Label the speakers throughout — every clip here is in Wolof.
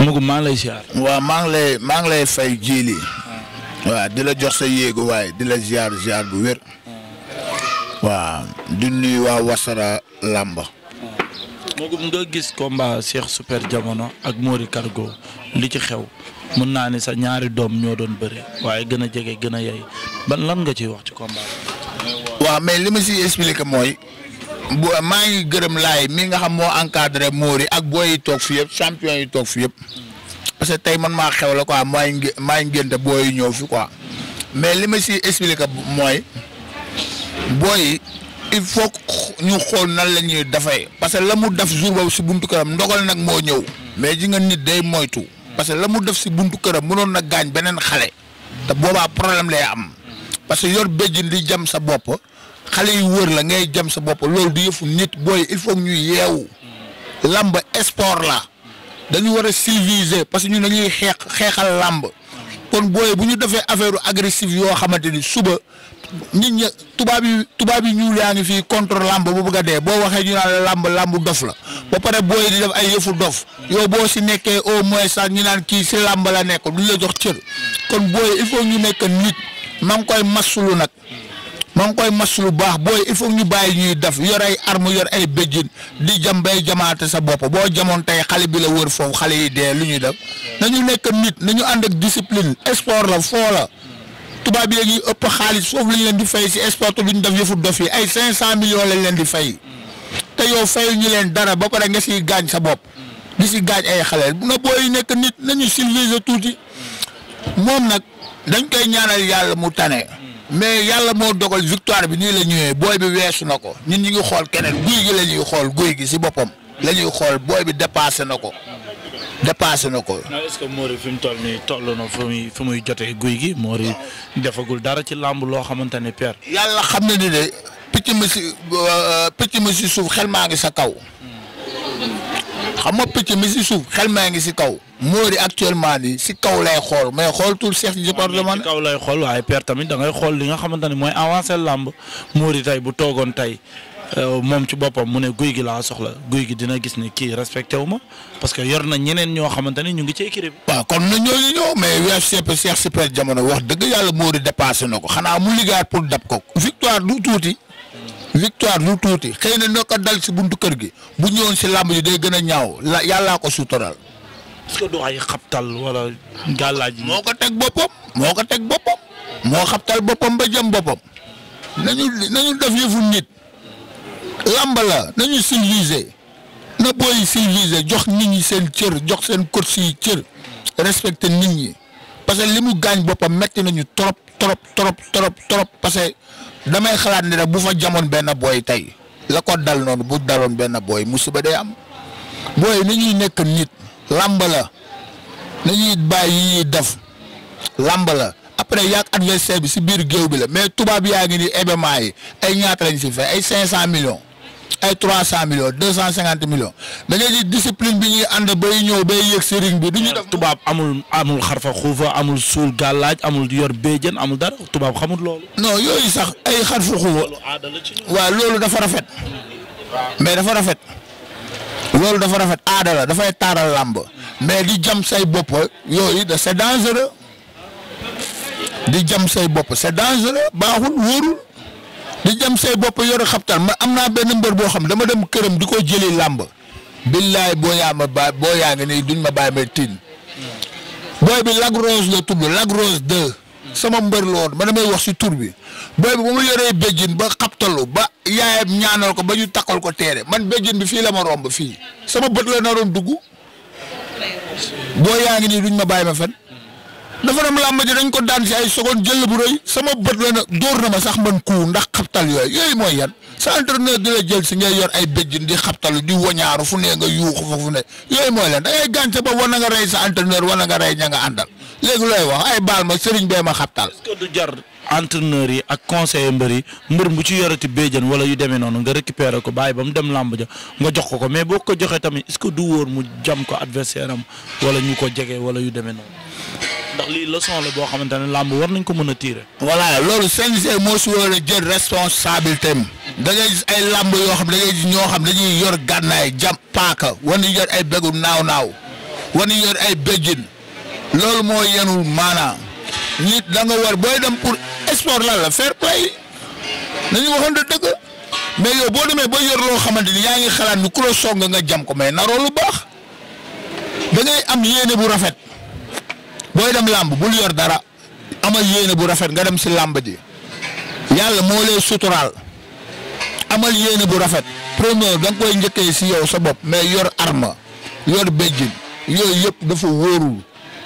Speaker 1: Mougou maa ngi lay ziar.
Speaker 2: waa maa nga lay maa ngi lay fay jiili. waaw di la jox sa yéegu waaye di la ziar ziar bu wér. waaw di nuyu waa Wassare Lamb.
Speaker 1: Mougou nga gis komba Cheikh Super Jamono ak moori Cargo li ci xew mën naa ni sa ñaari doom ñoo doon bëri waaye gën a jege gën a yey ban lam nga ciy wax ci combat waaw mais li ma si expliqué mooy.
Speaker 2: maa ngi gërëm laay mi nga xam moo encadré Mori ak booy toog fi yëpp champion yi toog fi yëpp parce que tey man maa xew la quoi maa ngi maa ngi gënte booy ñëw fi quoi mais li ma si expliqué mooy booy il faut ñu xool nan la ñuy dafay parce que la mu def jour boobu si buntu këram ndogal nag moo ñëw mais ji nga nit day moytu parce que la mu def si buntu këram mënoon na gaañ beneen xale te boobaa problème lay am parce que yor béjjin di jam sa bopp xale yu wër la ngay jam sa bopp loolu du yëfu nit booy il faut ñu yeewu lamb sport la dañu war a civiliser parce que ñun dañuy xeex xeexal lamb kon booy bu ñu defee affaire agressive yoo xamante ni suba nit ña tubaab yi tubaab yi ñuul yaa ngi fii contre lamb bu bëgg dee boo waxee ñu naan lamb làmb dof la ba pare booy di def ay yëfu dof yow boo si nekkee au moins sax ñu naan kii si lamb la nekk duñ la jox cër kon booy il faut ñu nekk nit maa ngi koy masulu nag. ma ngi koy mas lu baax booy il faut ñu bàyyi ñuy def yor ay arme yor ay béjjin di jam bay jamaate sa bopp boo jamoon tey xale bi la wër foofu xale yi dee lu ñuy def nañu nekk nit nañu ànd ak discipline sport la foo la tubaab yi la ñuy ëpp xaalis foofu lañ leen di fay si sport lu ñu def yëfu dof yi ay 500 millions lañ leen di fay te yow fayu ñu leen dara ba pare nga siy gaañ sa bopp di si gaañ ay xale na booy nekk nit nañu civilisé tuuti moom nag dañ koy ñaanal yàlla mu tane. mais yàlla moo dogal victoire bi nii la ñëwee booy bi weesu na ko ñun ñu ngi xool keneen guy gi la ñuy xool guy gi si boppam lañuy xool booy bi dépassé na ko dépassé
Speaker 1: na ko. non est-ce que Mori fi mu toll nii toll na fu muy jotee guy gi moori defagul dara ci làmb loo xamante ne père. yàlla xam na ni de picc mi si euh, picc
Speaker 2: si suuf xel maa ngi sa kaw hmm. xam nga picc mi si suuf xel maa ngi si kaw.
Speaker 1: Mody actuellement nii si kaw lay xool mais xoolatul chef du département. si kaw lay xool waaye père tamit dangay xool li nga xamante ne mooy avancé làmb Mody tey bu toogoon tey euh, moom ci boppam mu ne guy gi laa soxla guy gi dina gis ni kii respecté wu ma parce que yor na ñeneen ñoo xamante ne ñu ngi cee écurie bi. waaw kon na ñooñu ñëw mais UHCP Cheikh Super jamono wax dëgg yàlla Mody dépassé
Speaker 2: na ko xanaa mu liggéeyaat pour dab ko. victoire du tuuti. victoire du tuuti xëy na noo ko dal si buntu kër gi bu ñëwoon si làmb ji day gën a ñaaw la yàllaa ko suutoral est-ce que du ay
Speaker 1: xabtal moo
Speaker 2: ko teg boppam moo ko teg boppam moo xabtal boppam ba jëm boppam nañu nañu def yëfu nit làmb la nañu civilisé na booy civilisé jox nit ñi seen cër jox seen course yi cër respecte nit ñi parce que li mu gaañ boppam metti nañu trop trop trop trop trop parce que damay xalaat ne rek bu fa jamoon benn booy tey la ko dal noonu bu daloon benn booy ba day am booy ni ñuy nekk nit làmb la nañuy bàyyi ñuy def làmb la après yàgg adversaire bi si biir géew bi la mais tubaab yaa ngi ni événement yi ay ñaata lañu si fay ay cinq cent million ay trois cent millions deux cent cinquante millions da ngay di discipline bi ñuy ànd bay ñëw bay yëg si ring
Speaker 1: bi du ñu def tubaab amul amul xarfa xuufa amul suul gàllaaj amul yor béjjën amul dara tubaab xamul loolu non yooyu sax ay xarfa xuufa waa loolu dafa rafet
Speaker 2: mais dafa rafet loolu dafa rafet aada la dafay taara làmb mais di jam say bopp yooyu da c'est di jam say bopp c'est dangereux baaxul di jam say bopp yore xabtal ma am naa benn mbër boo xam dama dem këram di ko jëli làmb billaay boo yaa ma baay boo yaa ngi nii duñ ma bàyyi ma tiin booy bi Lac la tudd Lac Rose sama mbër la woon ba damay wax si tur bi booy bi ba mu yoree béjjin ba xaptalu ba yaayam ñaanal ko ba ñu takkal ko teere man béjjin bi fii la ma romb fii sama bët la naroon dugg boo yaa ngi nii duñ ma bàyyi ma fen dafa dem làmb ji dañ ko daan si ay seconde jël bu rëy sama bët la na dóor na ma sax man ku ndax xaptal yooyu yooyu mooy yan sa entraîneur di la jël si ngay yor ay béjjin di xaptalu di wañaaru fu ne nga yuuxu fa fu ne yooyu mooy lan da ngay gàncax ba war na nga rey
Speaker 1: sa entraîneur war na nga ña nga àndal. léegi looy wax ay baal ma sëriñ bee ma xabtal. est du jar entraîneur yi ak conseiller mbër yi mbër mu ci yorati béjjën wala yu demee noonu nga récupérer ko bàyyi ba mu dem làmb ja nga jox ko ko mais boo ko joxee tamit est-ce que du wóor mu jam ko adversaire am wala ñu ko jege wala yu demee noonu ndax lii leçon la boo xamante ne làmb war nañ ko mën a tiire.
Speaker 2: voilà loolu CNG moo su war a jël responsabilité am da ngay ay làmb yoo xam da ngay ñoo xam dañuy yor gànnaay jam paaka wala yor ay bégu naaw-naaw wala yor ay béjjën. loolu moo yenul maanaa nit da nga war booy dem pour sport lan la fair play nañu waxoon de dëgg mais boo demee ba yor loo xamante ni yaa ngi xalaat ni ku la nga jam ko mais naroo baax da am yéene bu rafet booy dem làmb bul yor dara amal yéene bu rafet nga dem si làmb ji yàlla moo lay suturaal amal yéene bu rafet premier da koy njëkkee si yow sa bopp mais yor arme yor béjjin yooyu yëpp dafa wóorul.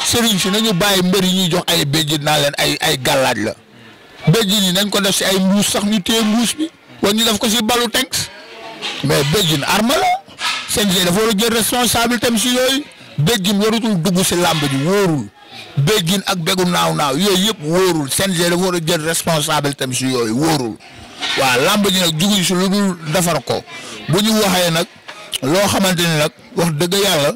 Speaker 2: sëriñ si nañu bàyyi mbër yi ñuy jox ay béjjit naa leen ay ay gàllaaj la béjjit yi nañ ko def si ay mbuus sax ñu téye mbuus bi wala ñu def ko si balu tenks mais béjjit arme la CNG dafa war a jël responsabilité am si yooyu béjjit warutul dugg si làmb ji wóorul béjjit ak bégu naaw naaw yooyu yëpp wóorul CNG dafa war a jël responsabilité am si yooyu wóorul waaw làmb ji nag juguñ si lu dul defar ko bu ñu waxee nag loo xamante ni nag wax dëgg yàlla.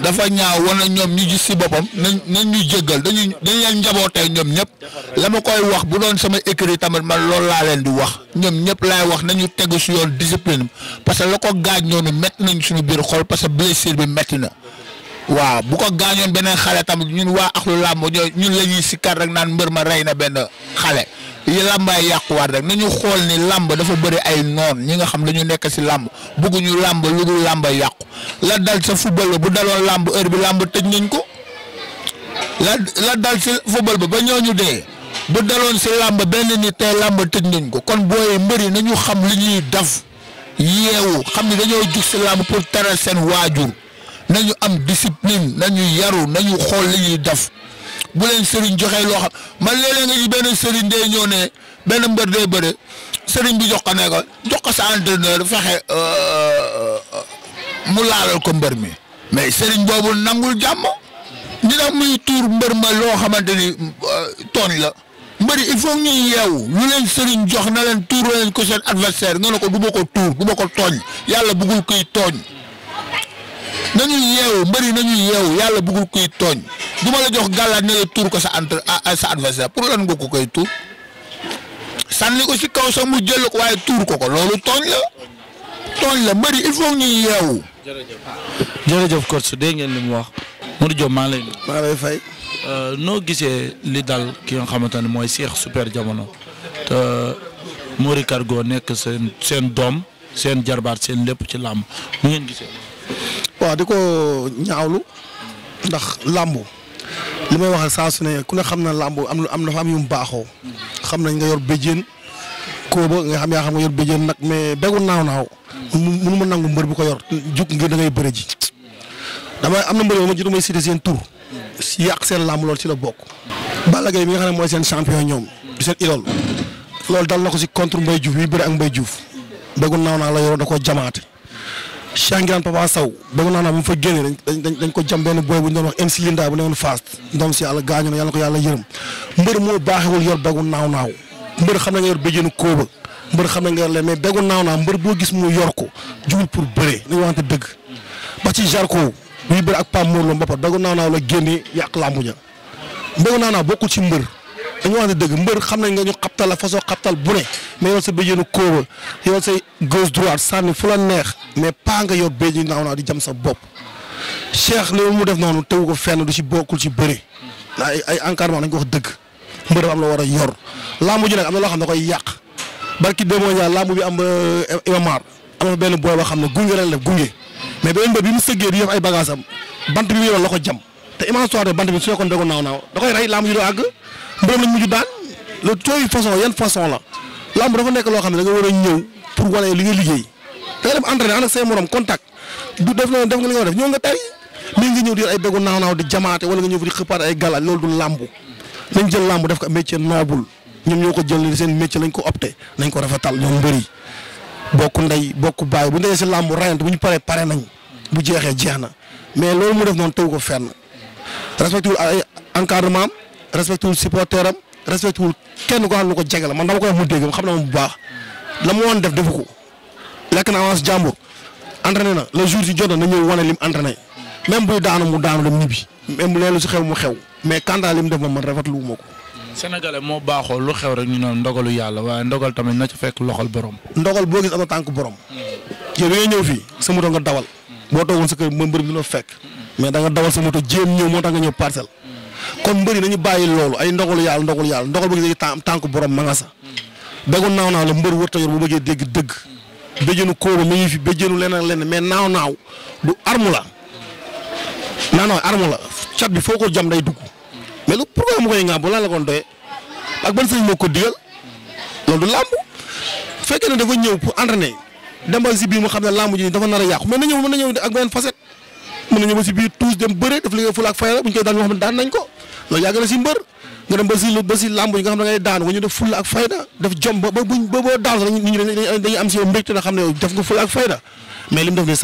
Speaker 2: dafa ñaaw wala ñoom ñu gis si boppam nañ nañ ñu jéggal dañuy dañ leen njabootee ñoom ñëpp la ma koy wax bu doon sama écrit tamit man loolu laa leen di wax ñoom ñëpp laay wax nañu tegu si yoon discipline parce que la ko gaañ noonu métti nañ suñu biir xol parce que blessure bi métti na waaw bu ko gaañoon beneen xale tamit ñun waa axlu làmb ñun la ñuy sikkar rek naan mbër ma rey na benn xale yi làmbaay yàquwaat rek ñu xool ni làmb dafa bari ay noon ñi nga xam dañu nekk si làmb bëgguñu làmb lu dul yàqu la dal sa football ba bu daloon làmb heure bi làmb tëj nañ ko la dal si football ba ba ñu dee bu daloon si làmb benn nit tey làmb tëj nañ ko kon booy mbëri nañu xam li ñuy def yeewu xam ni dañoo jug si làmb pour teral seen waajur nañu am na nañu yaru nañu xool lañuy daf bu leen sëriñ joxe loo xam nga ci benn sëriñ day ñëw ne benn mbër day bëre sëriñ bi jox ko ne ko jox ko sa entraîneur fexe euh, mu laalal ko mbër mi mais sëriñ boobu nangul jàmm ñu ne muy tuur mbër ma loo xamante ni euh, tooñ la mbëri il faut ñuy yeewu lu leen sëriñ jox na leen tuur leen ko seen adversaire nga ne ko du ma ko tuur du ma tooñ yàlla bëggul kuy tooñ nañu yeewu mbëri nañu yeewu yàlla bëggul kuy tooñ du ma la jox gàllaat ne la tuur ko sa entre ah, ah, sa adversaire pour lan nga ko koy tuur sànni ko si kaw sax mu jël ko waaye tuur ko ko loolu tooñ la
Speaker 1: tooñ la mbari il faut ñu yeewu.
Speaker 3: jërëjëf
Speaker 1: jërëjëf coach dégg ngeen li mu wax Modou Diop maa maa lay fay. Euh, noo gisee li dal ki nga xamante ne mooy Cheikh Super Jamono te Mory nekk seen seen doom seen jarbaat seen lépp ci làmb mu ngeen gisee. waaw di ko ñaawlu
Speaker 3: ndax làmb li may waxal saa su ne ku ne xam na làmb am am dafa am yu mu baaxoo xam nañ nga yor béjjén kóoba nga xam yaa xam nga yor béjjén nag mais begu naaw naaw mënu ma mbër bu ko yor jug ngir da ngay bëre ji dama am na mbër ma jiitu may cité seen tur si yàq seen làmb loolu ci la bokk Balla Gaye mi nga xam ne mooy seen champion ñoom du seen idole loolu dal na ko si contre Mbaye Diouf mi bëri ak Mbaye Diouf begu naaw naaw la yoroon da ko jamaate Changrane Papa Sow dama naan bu mu fa génnee dañ dañ dañ ko jam benn booy bu ñu doon wax MC Linda bu newoon fast ndoom si yàlla gaañu na yàlla ko yàlla yërëm mbër moo baaxewul yor begu naaw naaw mbër xam na nga yor béjjéenu kóoba xam na nga mais begu naaw naaw mbër boo gis mu yor ko jugul pour bëree nañu waxante dëgg ba ci Jarko buy bëri ak Pam Morlo Mbappa begu naaw naaw la génnee yàq làmbu ña begu naaw naaw bokkul ci mbër dañu wax ne dëgg mbër xam nañ nga ñu xaptal la façon xaptal bu ne mais yow sa béjjéenu kóobal yow say gauche droite sànni fu la neex mais paa nga yor béjj naaw naa di jam sa bopp. Cheikh loolu mu def noonu tegu ko fenn du ci bokkul ci bëri ay ay encadrement dañ ko wax dëgg mbër dafa am la war a yor làmb ji nag am na loo xam ne da koy yàq barki démo ñaar làmb bi am eh, Ibamar am na benn booy boo xam ne gunge la def gunge mais beneen mbër bi mu sëggee di def ay bagage am bant bi mu yoroon la ko jam. te Imam Souare bant bi su nekkoon dogoon naaw naaw da koy rey laa mujj doo àgg mbërëm la mujj daan le tooy façon yan façon la lamb dafa nekk loo xam ne da nga war a ñëw pour wane li nga liggéey da nga dem entraîné ànd ak say morom contact du def na def nga li nga war a def ñëw nga tari mais nga ñëw di ay dogu naaw naaw di jamaate wala nga ñëw di xëppaat ay gala loolu du lamb nañ jël lamb def ko métier noble ñoom ñoo ko jël seen métier lañ ko opté nañ ko rafetal ñoom mbëri bokk ndey bokk baay bu ñu dee si lamb rayante bu ñu paree pare nañ bu jeexee jeex na mais loolu mu def noonu tegu ko fenn respecté wul ay encadrement am respecté wul kenn ko xam ne ko jege la man dama koy wax mu dégg xam na moom bu baax la mu woon def defu na avance jàmbur entraîné na le jour si jot na ñëw wane lim entraîné même buy daanu mu daanu dem ñibbi même leelu si xew mu xew mais kantaa lim def moom man rafetlu lu ma ko.
Speaker 1: Sénégalais moo baaxoo lu xew rek ñu naan ndogalu yàlla waaye ndogal tamit na ci fekk loxol borom.
Speaker 3: ndogal boo gis am na tànk borom. Hmm. yow bi nga ñëw fii sa moto nga dawal. Hmm. boo toogoon sa kër mbër bi dina fekk. mais danga nga dawal sa moto jéem ñëw moo tax nga ñëw parcelle. kon mbëri nañu bàyyi loolu ay ndogalu yàlla ndogalu yàlla ndogal bu ngi tàn tànk borom ma nga sa dagoon naaw naaw la mbër wërta yor bu bëggee dégg dëgg béjjënu kóoba mi ngi fi béjjënu leneen ak leneen mais naaw naaw du arme la naaw naaw arme la cat bi foo ko jam day dugg mais lu pourquoi mu koy ŋàbb lan la kon doyee ak ban sëñ moo ko digal loolu du làmb fekkee ne da ñëw pour entraîner si biir mu xam ne làmb ji dafa nar a yàqu mais na ñëw mën na mën nañu ba si biir tous dem bëre daf li nga fulaak fayra bu ñu koy daan xam ne daan nañ ko loolu yàgg na si mbër nga dem ba si ba si làmb wa nit ñi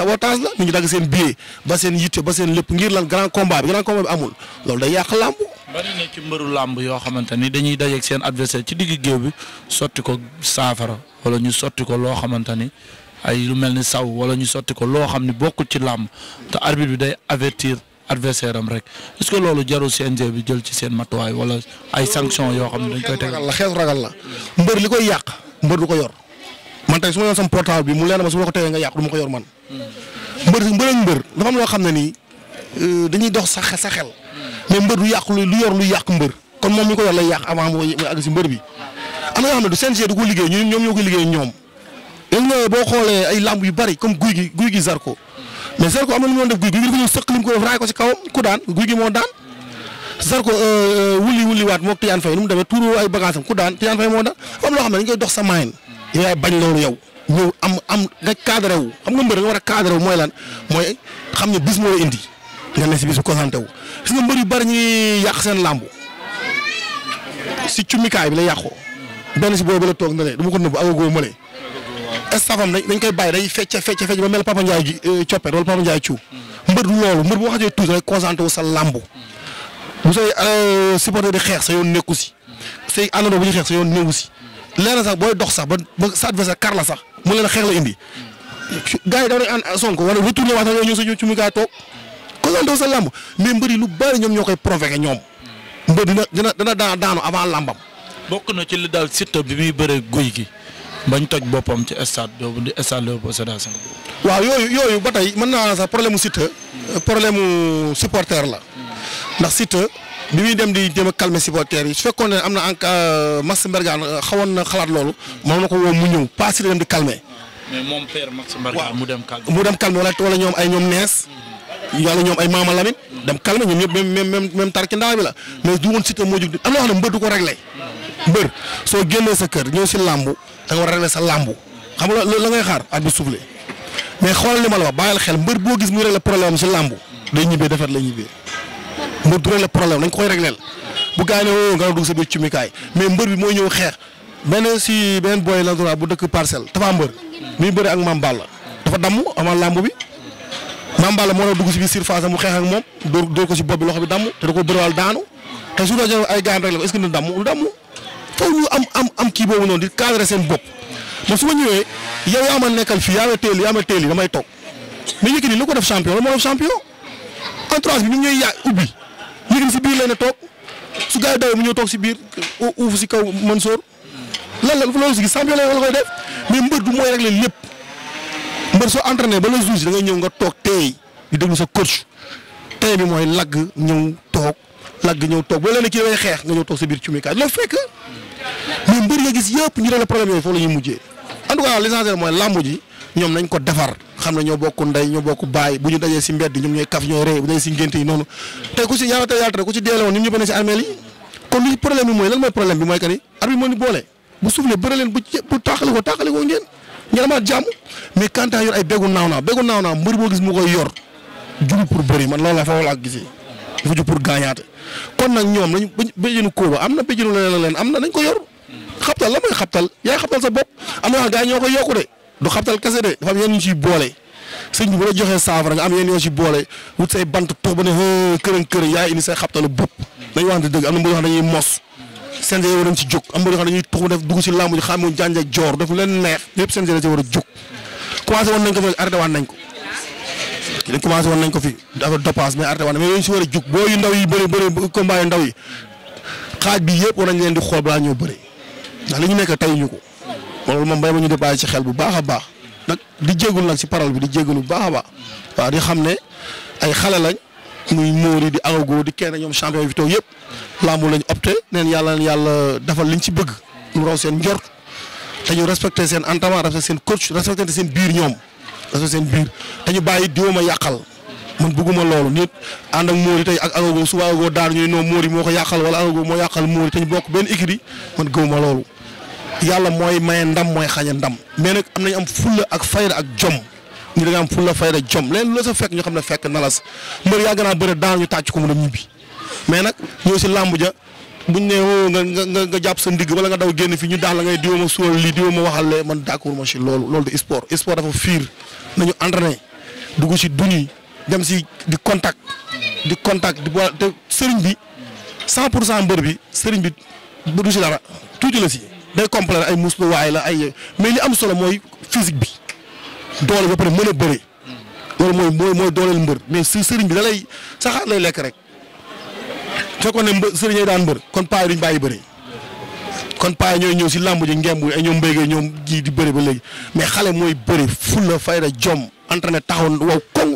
Speaker 3: la nit ñi dagg seen billet ba seen yitte ba seen lépp ngir lan grand combat bi
Speaker 1: amul loolu day yàq làmb bari na ci mbëru làmb yoo xamante dañuy dajeeg seen adversaire ci digg géew bi sotti ko saafara wala ñu sotti ko loo xamante ni ay lu mel ni saw wala ñu sotti ko loo xam ne bokkul ci làmb te arbitre bi day avertir adversaire am rek est que loolu jarul CNG bi jël ci seen matuwaay wala ay sanction yoo xam ne dañ koy tegal la xeetu ragal la mbër li koy yàq mbër du ko yor man tey su ma yoon bi mu leer ma su ma ko
Speaker 3: nga yàq du ma ko yor man mbër mbër mbër dafa am xam ne nii euh, dañuy dox sa sa xel mais mbër du yàq lu yor lu yàq mbër kon moom mi ko yor lay yàq avant muy àgg si mbër bi am na yoo xam ne du CNG du ko liggéey ñoom ñoo ko liggéey ñoom dañ ñëwee boo xoolee ay lamb yu bari comme guy gi guy gi Zarko mais Zarko am na lu mu def guy gi dafa ñëw sëq lim ko def raay ko daan guy gi moo daan Zarko euh, euh, wuli wuli waat moog Tidiane Faye nu mu demee tuuru ay bagages ku daan Tidiane Faye moo daan am loo xam ne koy dox sa maayin yow yaay bañ yow ñëw am am nga cadré wu xam nga mbër nga war mooy lan mooy xam ne bis indi nga si bis bu concentré wu gis nga mbër yu bari ñuy seen làmb si cumikaay bi la yàqoo benn la toog na le du ma mële estafam dañ koy bàyyi day fecce fecce fecce ba mel Papa Ndiaye ji euh, coppet wala Papa Ndiaye ciw mbër loolu mbër boo xasee tuuti rek concentré wu sa làmb bu say euh, supporter di xeex sa yoon nekku si say àndandoo bu ñu xeex sa yoon néewu si leer na sax booy dox sax ba ba sa adversaire kar la sax mu leen xeex la indi gars yi daw nañ ànd sonk wala retourné waat ñoo ñëw sa ñëw ci mu gaa toog concentré wu sa làmb mais mbër yi
Speaker 1: lu bari ñoom ñoo koy provoqué ñoom mbër dina dina dana daanu avant làmbam bokk na ci li daal Siteu bi muy bëre guy gi bañ toj boppam ci stade boobu stade Léopold Sédar Senghor.
Speaker 3: waaw yooyu yooyu ba tey mën naa sax problème mu Siteu problème mu supporter la ndax Siteu bi muy dem di jéem a calmer supporter yi su fekkoon ne am na en euh, Max Mbergane euh, xawoon na xalaat loolu moom na ko woo mu ñëw pas si dem di calmer.
Speaker 1: mais moom mu dem calmer mu dem
Speaker 3: calmer wala ñoom ay ñoom nees. yàlla ñoom ay maama Lamine dem calmer ñoom ñëpp même même même tar ki ndaw bi la mais du woon Siteu moo jóg am na loo mbër du ko réglé. mbër soo génnee sa kër ñëw si làmbu da war a régler sa làmbu xam nga loolu la ngay xaar at bi soufflé mais xoolal li ma la wax bàyyil xel mbër boo gis muy régler problème si làmbu day ñibbee defet la ñibbee mbër du régler problème dañ koy régleel bu gaañee woo nga dugg sa biir cumikaay mais mbër bi mooy ñëw xeex benn si benn booy la bu dëkk parcelle dafa mbër muy bëri ak Mame Balla dafa damm amal làmb bi Mame Balla moo la dugg si biir surface mu xeex ak moom dóor ko si bopp bi loxo bi damm te da ko bëriwaal daanu te su doon ay gaañ rek la est-ce que dina damm lu damm faw ñu am am am kii boobu noonu di cadre seen bopp ba su ma ñëwee yow yaa ma nekkal fii yaa ma teel yaa ma teel damay toog mais Yékini lu ko def champion la moo def champion entourage bi ñu ngi si biir lay na toog su gars yi dawee mu ñëw toog si biir uuf si kaw Mansoor lan la loolu si gis champion la koy def mais mbër du mooy lépp mbër soo entraîné ba le da ngay ñëw nga toog teey di sa coach tey bi mooy lagg ñëw toog lagg ñëw toog boo leen kii dafay xeex nga ñëw toog si biir cumikaay loolu fekk. mais mbër ya gis yëpp ñu la problème yooyu foofu la ñuy mujjee en tout cas l'essentiel mooy làmb ji ñoom nañ ko defar xam ne ñoo bokk ndey ñoo bokk baay bu ñu dajee si mbedd ñoom ñooy am na béjjënu leneen leen am na nañ ko yor xabtal la mooy xabtal yaay xabtal sa bopp am na wax gaa ñoo koy am yenn ñu ciy boole sëñ bi bu la am yenn boole wut bant tux ba ne kërën kërën yaa indi say xabtalu bopp dañuy wax dëgg am na mbir yoo xam dañuy mos seen yow dañ ci jóg am mbir yoo xam dañuy tux def dugg ci làmb ji xamu jànj ak joor leen neex yëpp seen da ci war a jóg commencé woon nañ ko nañ ko dañ commencé woon nañ ko fi dafa dopasse mais arrêté waan mais yu ndaw yi bëri bëri combat yu ndaw yi xaaj bi yëpp war nañ leen di xool balaa ñoo bëri ndax li ñu nekk tey ñu ko loolu moom bay ma ñu bàyyi ci xel bu baax a baax nag di jégalu nag si paral bi di jégalu bu baax a baax waaw di xam ne ay xale lañ muy Mody di Agogo di kenn ñoom champion bi toog yëpp làmb lañ opté neen yàlla yàlla defal liñ ci bëgg mu raw seen njort te ñu respecté seen entraînement respecté seen coach respecté seen biir ñoom respecté seen biir te ñu bàyyi diwoo ma yàqal. man bëgguma loolu nit ànd ak Mori tey ak Agogo suba Agogo daanu ñuy noo Mori moo ko yàqal wala Agogo moo yàqal Mori te ñu bokk benn écurie man gëwuma loolu yàlla mooy maye ndam mooy xañe ndam mais nag am nañ am fulla ak fayda ak jom ñu da nga am fulla fayda jom leen lu sa fekk ñu xam ne fekk nalas mbër yàgg naa bëre daan ñu tàcc ko mu a ñibbi mais nag ñëw si làmb ja buñ ne woo oh nga nga nga jàpp sa ndigg wala nga daw génn fi ñu daal la ngay diwoo ma suwal lii diwoo ma waxal lee man d'accord ma si loolu loolu du sport sport dafa fiir nañu entraîné dem si di contact di contact di boole te sëriñ bi 100 pour cent mbër bi sëriñ bi du si dara tuuti la si day compléter ay musluwaay la ay mais li am solo mooy physique bi doole ba pare mën a bëre loolu mooy mooy dooleel mbër mais si sëriñ bi da lay saxaar lay lekk rek ko ne mbë sëriñ yi daan mbër kon paa yi duñ bàyyi bëre kon paa ñooy ñëw si làmb ji ngemb ay ñoom mbéy ñoo ji di bëre ba léegi mais xale mooy bëre fulla fayda jom entraîné taxaw wow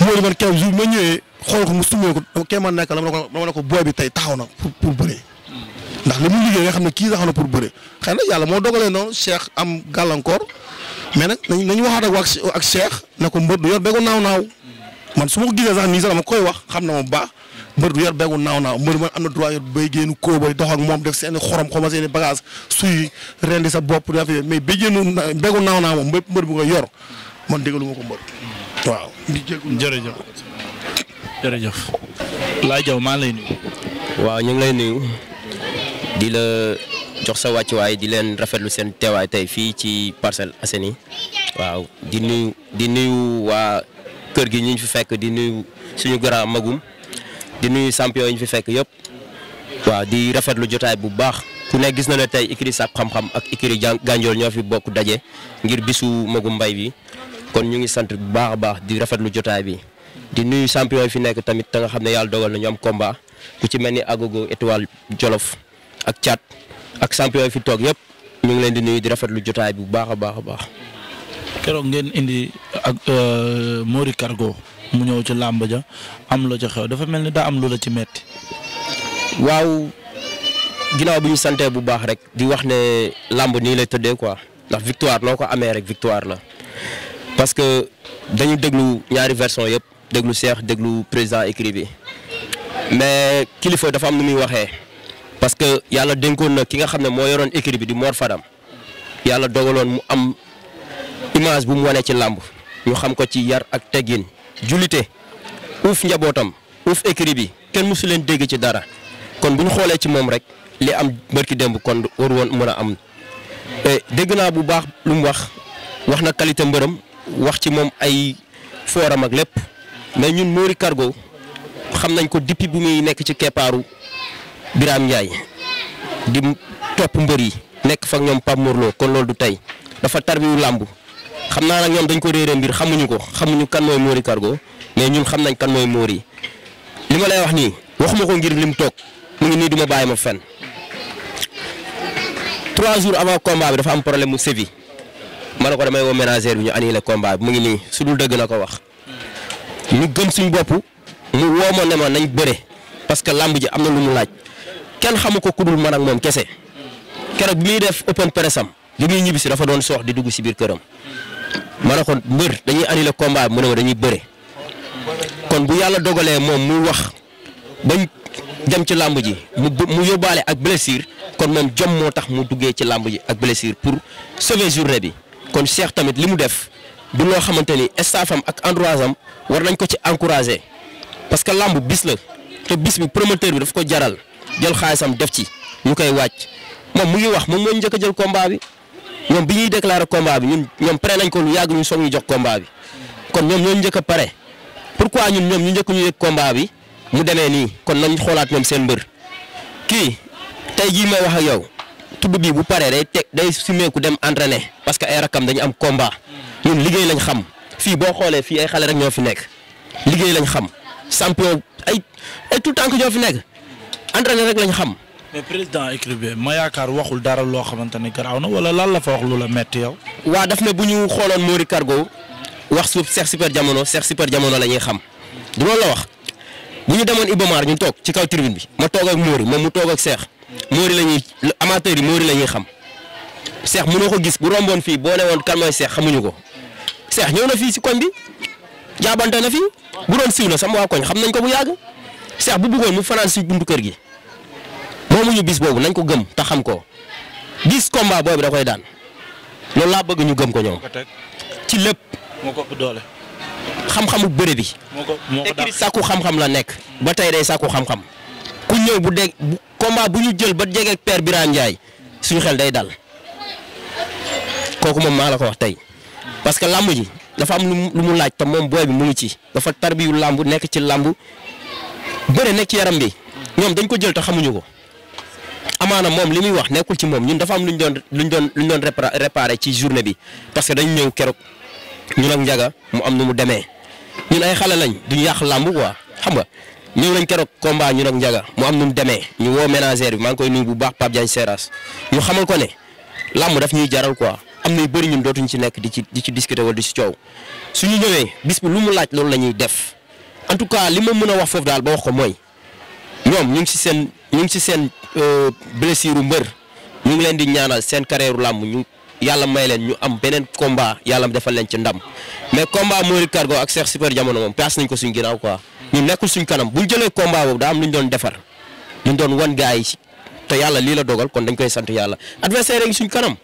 Speaker 3: yooyu man keroog jour bi ma ñëwee xool ko mu sumee ko kee man nekk la ma ne ko booy bi tey taxaw na pour pour bëre ndax li mu liggéey nga xam ne kii taxaw na pour bëre xëy na yàlla moo dogalee noonu Cheikh am gàllankoor mais nag nañ nañu waxaat ak ak Cheikh ne ko mbër du yor beegu naaw man su ma ko gisee sax nii sax dama koy wax xam na ma ba baax mbër du yor beegu naaw naaw mbër man am na droit yor béy génn kóobay dox ak moom def seen i xorom xoma seen i bagage suy rendi sa bopp mais béy génn beegu naaw naaw moom mbër bu nga yor
Speaker 1: man déggalu ma ko mbër waaw jërëjëf jërëjëf.
Speaker 4: laa jaw maa lay nuyu. ñu ngi lay nuyu di la jox sa wàccuwaay di leen rafetlu seen teewaay tey fii ci Parcelles Assainies waaw di nuyu di nuyu waa kër gi ñu fi fekk di nuyu suñu grand magum di nuyu champion yi ñu fi fekk yëpp waaw di rafetlu jotaay bu baax. ku ne gis na ne tey ikiri sab xam-xam ak ikiri Gandiol ñoo fi bokk daje ngir bisu magum mbay bi kon ñu ngi sant bu baax a baax di rafet lu jotaay bi di nuyu champion fi nekk tamit nga xam ne yàlla dogal na am combat ku ci mel ni Agogo étoile Jolof ak Thiat ak champion fi toog yëpp ñu ngi leen di nuyu di rafetlu jotaay bu baax baax a baax.
Speaker 1: keroog ngeen indi ak euh, mu ñëw ci làmb ja am la ca dafa mel ni
Speaker 4: daa am lu ci metti waaw ginnaaw bi ñu santee bu baax rek di wax ne làmb nii lay tëddee quoi ndax victoire noo ko amee rek victoire la. parce que dañu déglu ñaari version yëpp déglu Cheikh déglu président écrit bi mais kilifa dafa am nu muy waxee parce que yàlla dénkoon na ki nga xam ne moo yoroon écrit bi di Mor Fadam yàlla dogaloon mu am image bu mu wanee ci làmb ñu xam ko ci yar ak teggin jullite uuf njabootam uuf écrit bi kenn musu leen dégg ci dara kon bu ñu xoolee ci moom rek li am bërki démb kon war woon mën a am dégg naa bu baax lu mu wax wax na qualité mbërëm wax ci moom ay fooram ak lépp mais ñun Mori Cargo xam nañ ko depuis bu muy nekk ci keppaaru Birame Ndiaye di topp mbër yi nekk fak ñoom Pape Morlo kon loolu du tey dafa tarbiwu làmb xam naa nag ñoom dañ ko réeree mbir xamuñu ko xamuñu kan mooy Mori Cargo mais ñun xam nañ kan mooy Mori li ma lay wax nii waxuma ko ngir lim toog mu ngi nii du bàyyi ma fen trois jours avant combat bi dafa am problème mu sévi man ne ko damay woo ménagère bi ñu annulé combat bi mu ngi nii su dul dëgg na ko wax. ñu gëm suñu bopp mu woo ma ne ma nañ bëre parce que làmb ji am na lu mu laaj kenn xamu ko ku dul man ak moom kese keroog bi muy def open press am li ñibbi si dafa doon soox di dugg si biir këram. ma ne ko mbër dañuy annulé combat bi mu ne ma dañuy bëre kon bu yàlla dogalee moom mu wax bañ dem ci làmb ji mu mu yóbbaale ak blessure kon moom jom moo tax mu duggee ci làmb ji ak blessure pour sauver journée bi. kon Cheikh tamit li mu def du loo xamante ni staffam ak endroit am war nañ ko ci encourager parce que lamb bis la te bis bi promoteur bi daf ko jaral jël xaalisam def ci ñu koy wàcc moom mu ngi wax moom moo njëkk a jël combat bi ñoom bi ñuy déclarer combat bi ñun ñoom pare nañ ko lu yàgg ñu soog ñu jox combat bi kon ñoom ñoo njëkk a pare pourquoi ñun ñoom ñu njëkk ñu yëg combat bi mu demee nii kon nañ xoolaat ñoom seen mbër kii tey jii may wax ak yow. waxtu bu bii bu paree day teg day simeeku dem entraîner parce que ay rakam dañu am combat ñun liggéey lañ xam fii boo xoolee fii ay xale rek ñoo fi nekk liggéey lañ xam champion ay ay tout ñoo fi nekk entraîner rek lañ xam.
Speaker 1: mais président équipe bi ma yaakaar waxul dara loo xamante ne garaaw na wala lan la fa wax lu la metti yow.
Speaker 4: waa daf ne bu ñu xooloon Mori Cargo wax suuf Cheikh Super Jamono Cheikh Super Jamono la ñuy xam du loolu la wax bu ñu demoon Ibamar ñu toog ci kaw tribune bi ma toog mu toog ak Mori la ñuy amateurs yi Mori la ñuy xam Cheikh mënoo ko gis bu romboon fii boo ne woon kan mooy xamuñu ko seex ñëw na fii si koñ bi jaabante na fii bu doon siiw na sama waa koñ xam nañ ko bu yàgg Cheikh bu bëggoon mu fanaan si buntu kër gi moomuñu bis boobu nañ ko gëm te xam ko gis combat boobu da koy daan loolu laa bëgg ñu gëm ko ñoom. ci lépp moo ko doole. xam-xamu bëre bi. moo ko moo xam-xam la nekk. ba tey day sàkku xam-xam. ñëw bu dégg combat bu ñu jël ba jegeeg père Ndiaye suñu xel day dal kooku moom maa la ko wax tey parce que làmb ji dafa am lu mu laaj moom booy bi ngi ci dafa tarbiyu làmb nekk ci làmb bëre nekk ci yaram bi ñoom dañ ko jël te xamuñu ko amaana moom li muy wax nekkul ci moom ñun dafa am luñ doon luñ doon luñ doon réparé ci journée bi parce que dañ ñëw keroog ñu ak njaga mu am nu mu demee ñun ay xale lañ duñ yàq làmb quoi xam nga. ñëw nañ keroog combat ñu nag njaga am nu mu demee ñu woo ménagère bi maa ngi koy nuyu bu baax Pape Diagne Seras ñu xamal ko ne làmb daf ñuy jaral quoi am na bëri ñun dootuñ ci nekk di ci di ci discuter wala di ci coow suñu ñëwee bis bi lu mu laaj loolu la ñuy def en tout cas li ma mën a wax foofu daal ba wax ko mooy ñoom ñu ngi si seen ñu ngi si seen euh, blessure mbër ñu ngi leen di ñaanal seen carrière làmb ñu yàlla may leen ñu am beneen combat yàlla defal leen ci ndam mais combat Mory Cargo ak Cheikh Super Jamono moom paas nañ ko suñu ginnaaw quoi. ñu nekkul suñ kanam bu jële jëlee combat boobu daa am lu doon defar lu ñu doon wan gars yi te yàlla lii la dogal kon dañ koy sant yàlla adversaire yi suñ kanam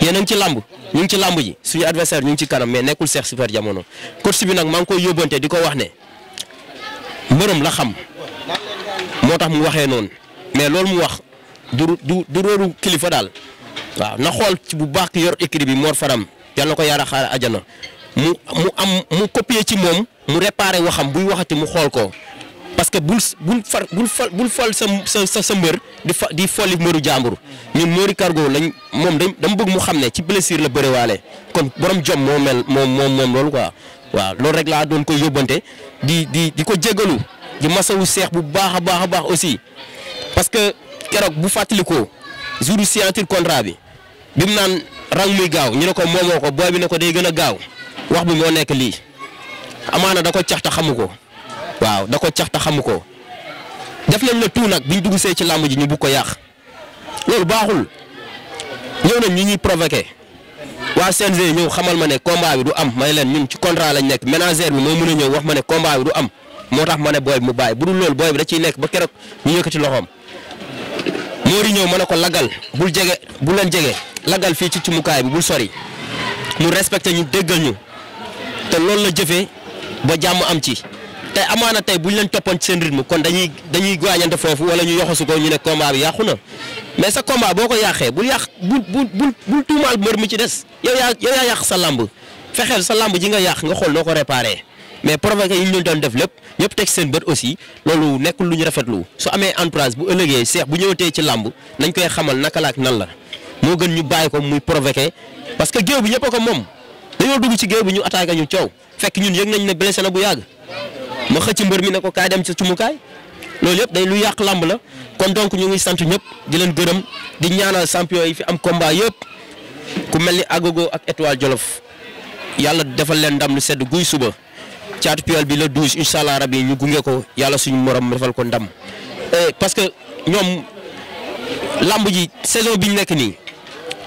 Speaker 4: yéen ci làmb ñu ngi ci làmb ji suñu adversaire ñu ngi ci kanam mais nekkul Cheikh Super Diamono coach bi nag maa ngi koy yóbbante di ko wax ne mbërëm la xam moo tax mu waxee noonu mais loolu mu wax du du du róoru kilifa daal waaw na xool ci bu baax yor écrit bi moor Faram yàlla na ko yara xaar ajana mu mu am mu copier ci moom. mu réparé waxam buy waxati mu xool ko parce que bul bul far bul fal bul fal sa sa sa mbër di fa di folli mbëru jàmbur ñun Mori Cargo lañu moom dañ dama bëgg mu xam ne ci blessure la bëre waale kon borom jom moo mel moom moom moom loolu quoi waaw loolu rek laa doon koy yóbbante di di di ko jégalu di masawu seex bu baax a baax a baax aussi parce que keroog bu fàttalikoo jour signature contrat bi bi mu naan rang muy gaaw ñu ne ko moomoo ko booy bi ne ko day gën a gaaw wax bi moo nekk lii. amaana da ko cax ta xamu ko waaw da ko cax ta xamu ko def nañ la tout nag biñ dugg see ci làmb ji ñu bugg ko yàq loolu baaxul ñëw na ñi ñuy provoqué waa CNG ñëw xamal ma ne combat bi du am may leen ñun ci contrat lañ nekk manager bi moo mën a ñëw wax ma ne combat bi du am moo tax ma ne booy bi mu bàyyi bu dul loolu booy bi da nekk ba keroog ñu yëkkati loxoom. Mori ñëw ma ne ko lagal bul jege bu leen jege lagal fii ci cumukaay bi bul sori mu respecté ñu déggal ñu te loolu la jëfee ba jàmm am ci te amaana tey bu ñu leen toppoon ci seen rythme kon dañuy dañuy gaañante foofu wala ñu yoxasu ko ñu ne combat bi yàqu na mais sa combat boo ko yàqee bul yàq bul bul bul tuumaal mbër mi ci des yow yaa yàq sa lamb fexeel sa lamb ji nga yàq nga xool noo ko réparé mais provoqué yi ñu leen doon def lépp ñëpp teg seen bët aussi loolu nekkul lu ñu lu su amee entourage bu ëllëgee seex bu ñëwatee ci làmb nañ koy xamal naka la ak nan la moo gën ñu bàyyi ko muy provoqué parce que géew ko moom dañoo dugg ci géew bi ñu attaqué ñu coow fekk ñun yëg nañ ne blessé na bu yàgg ma xëcc mbër mi ne ko kaay dem ci cumukaay loolu yëpp day lu yàq làmb la kon donc ñu ngi sant ñëpp di leen gërëm di ñaanal champion yi fi am combat yëpp ku mel ni Agogo ak Étoile Jolof yàlla defal leen ndam lu sedd guy suba caatu piol bi la 12 incha allah rabi ñu gunge ko yàlla suñu morom defal ko ndam eh, parce que ñoom làmb ji saison bi ñu nekk nii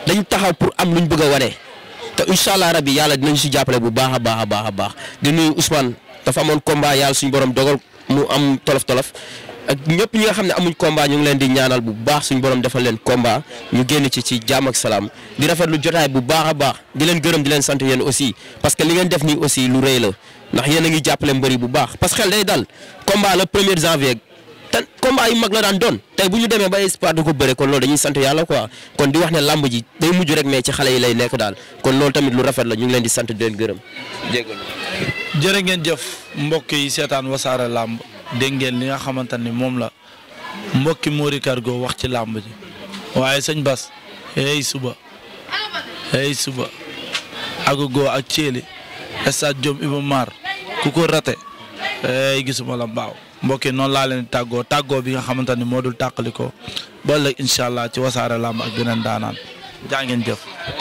Speaker 4: dañ taxaw pour am luñ bëgg a wane te incha allah rabi yàlla dinañ si jàppale bu baax a baax a baax a baax di nuyu Ousmane dafa amoon combat yàlla suñu borom dogal mu am tolof tolof ak ñëpp ñi nga xam ne amuñ combat ñu ngi leen di ñaanal bu baax suñu borom defal leen combat ñu génn ci ci jaam ak salaam di rafetlu jotaay bu baax a baax di leen gërëm di leen sant yéen aussi parce que li ngeen def nii aussi lu rëy la ndax yéen a ngi jàppale mbëri bu baax parce que xel day dal combat le premier tan combat yu mag la daan don tey bu ñu demee ba espoir du ko bëre kon loolu dañuy sant yàlla ko kon di wax ne làmb ji day mujj rek mais ci xale yi lay nekk daal kon loolu tamit lu rafet la ñu ngi leen di sant di gërëm jégalu
Speaker 1: ngeen jëf mbokk yi seetaan wasaare làmb dégg ngeen li nga xamante ni moom la mbokki Mory Cargo wax ci làmb ji waaye sëñ Bas hey suba hey suba agogo ak Thielé stade Diop Iba Mar ku ko rate hey gisuma la mbaaw mbokk noon noonu laa leen tàggoo tàggoo bi nga xamante ni moo dul tàqali ko ba ëllëg allah ci wasaare làmb ak beneen daanaan jaa ngeen jëf.